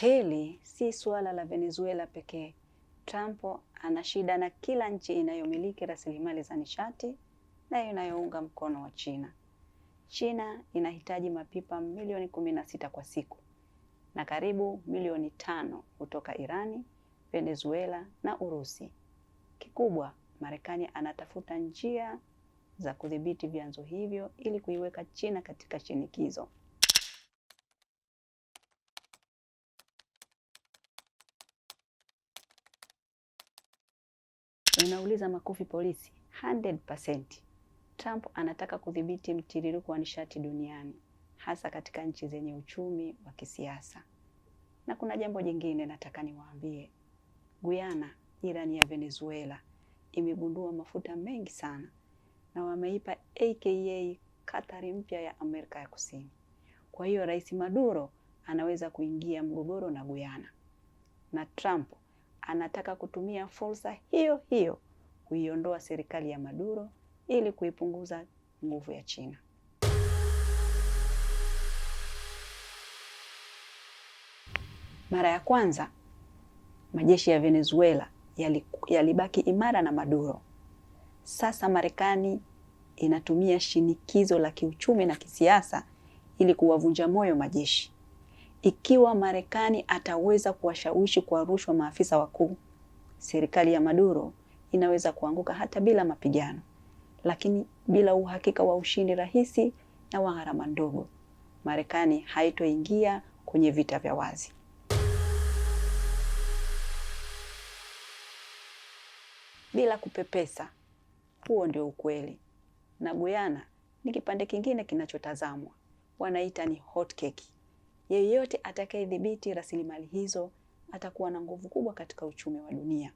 Hili si suala la Venezuela pekee. Trump ana shida na kila nchi inayomiliki rasilimali za nishati na inayounga mkono wa China. China inahitaji mapipa milioni kumi na sita kwa siku na karibu milioni tano kutoka Irani, Venezuela na Urusi. Kikubwa, Marekani anatafuta njia za kudhibiti vyanzo hivyo ili kuiweka China katika shinikizo. Unauliza makofi polisi, 100%. Trump anataka kudhibiti mtiririko wa nishati duniani hasa katika nchi zenye uchumi wa kisiasa. Na kuna jambo jingine nataka niwaambie. Guyana, jirani ya Venezuela, imegundua mafuta mengi sana na wameipa aka Katari mpya ya Amerika ya Kusini. Kwa hiyo Rais Maduro anaweza kuingia mgogoro na Guyana. Na Trump anataka kutumia fursa hiyo hiyo kuiondoa serikali ya Maduro ili kuipunguza nguvu ya China. Mara ya kwanza majeshi ya Venezuela yalibaki yali imara na Maduro. Sasa Marekani inatumia shinikizo la kiuchumi na kisiasa ili kuwavunja moyo majeshi ikiwa Marekani ataweza kuwashawishi kwa rushwa maafisa wakuu, serikali ya Maduro inaweza kuanguka hata bila mapigano, lakini bila uhakika wa ushindi rahisi na wa gharama ndogo, Marekani haitoingia kwenye vita vya wazi. Bila kupepesa, huo ndio ukweli. Na Guyana ni kipande kingine kinachotazamwa, wanaita ni hot cake. Yeyote atakayedhibiti rasilimali hizo atakuwa na nguvu kubwa katika uchumi wa dunia.